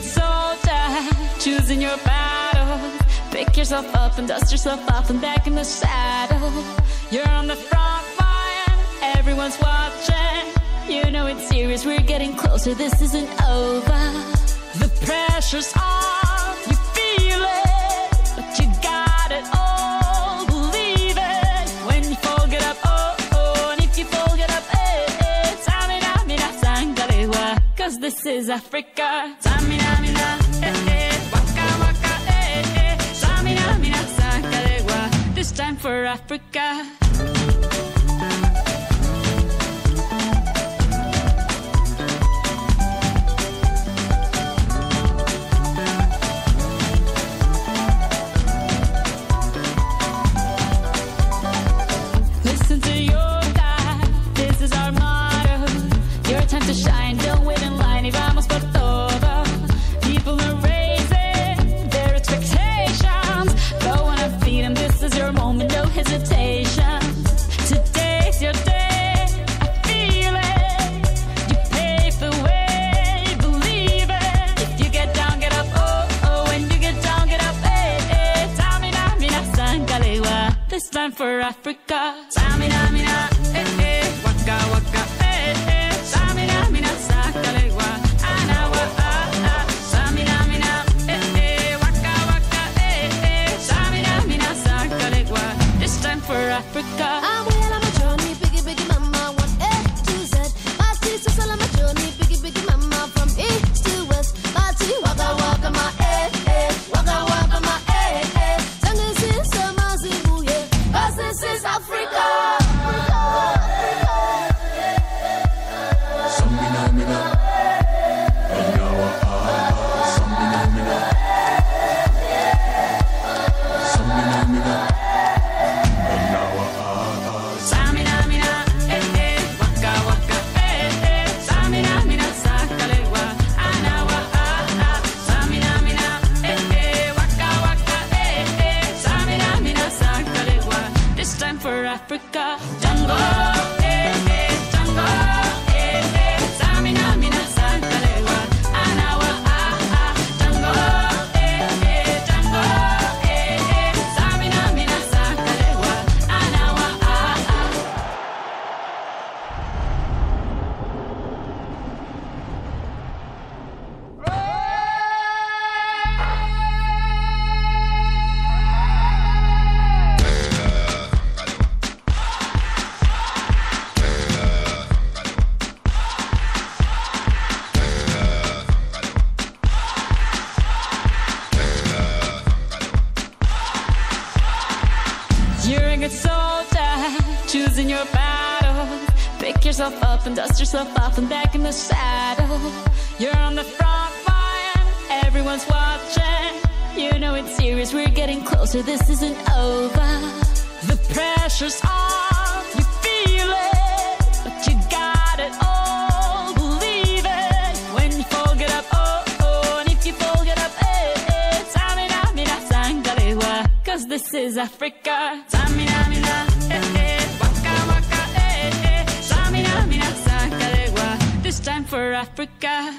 so tough, choosing your battle. Pick yourself up and dust yourself off and back in the saddle. You're on the front line, everyone's watching. You know it's serious, we're getting closer, this isn't over. The pressure's on, you feel it, but you got it all. Believe it when you fall, get up, oh, oh, you fall, get up, eh, eh. this is Africa. for Africa. Africa. Samina, mina, eh, eh, waka, waka, eh, eh. Samina, mina, sakalewa, anawa, ah, ah. Samina, mina, eh, eh, waka, waka, eh, eh. Samina, mina, sakalewa. This time for Africa. so soldier, choosing your battle. Pick yourself up and dust yourself off and back in the saddle. You're on the front line, everyone's watching. You know it's serious, we're getting closer, this isn't over. The pressure's on, you feel it, but you got it all, believe it. When you fall, get up, oh, oh, and if you fall, get up, eh, eh, Cause this is Africa. Africa.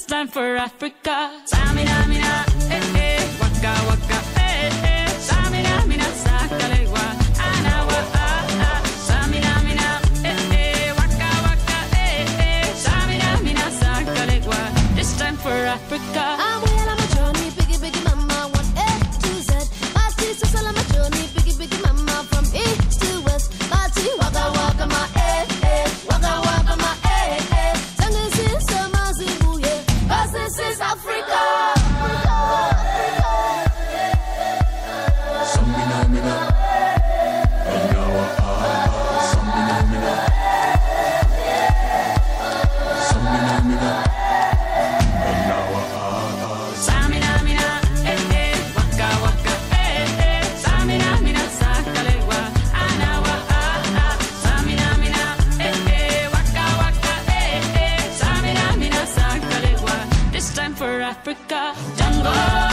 this time for Africa. Samina, mina, eh, eh, waka, waka, eh, eh. Samina, mina, sakalewa, anawa, ah, ah. Samina, mina, eh, eh, waka, waka, eh, eh. Samina, mina, sakalewa, this time for Africa. for Africa. Jungle.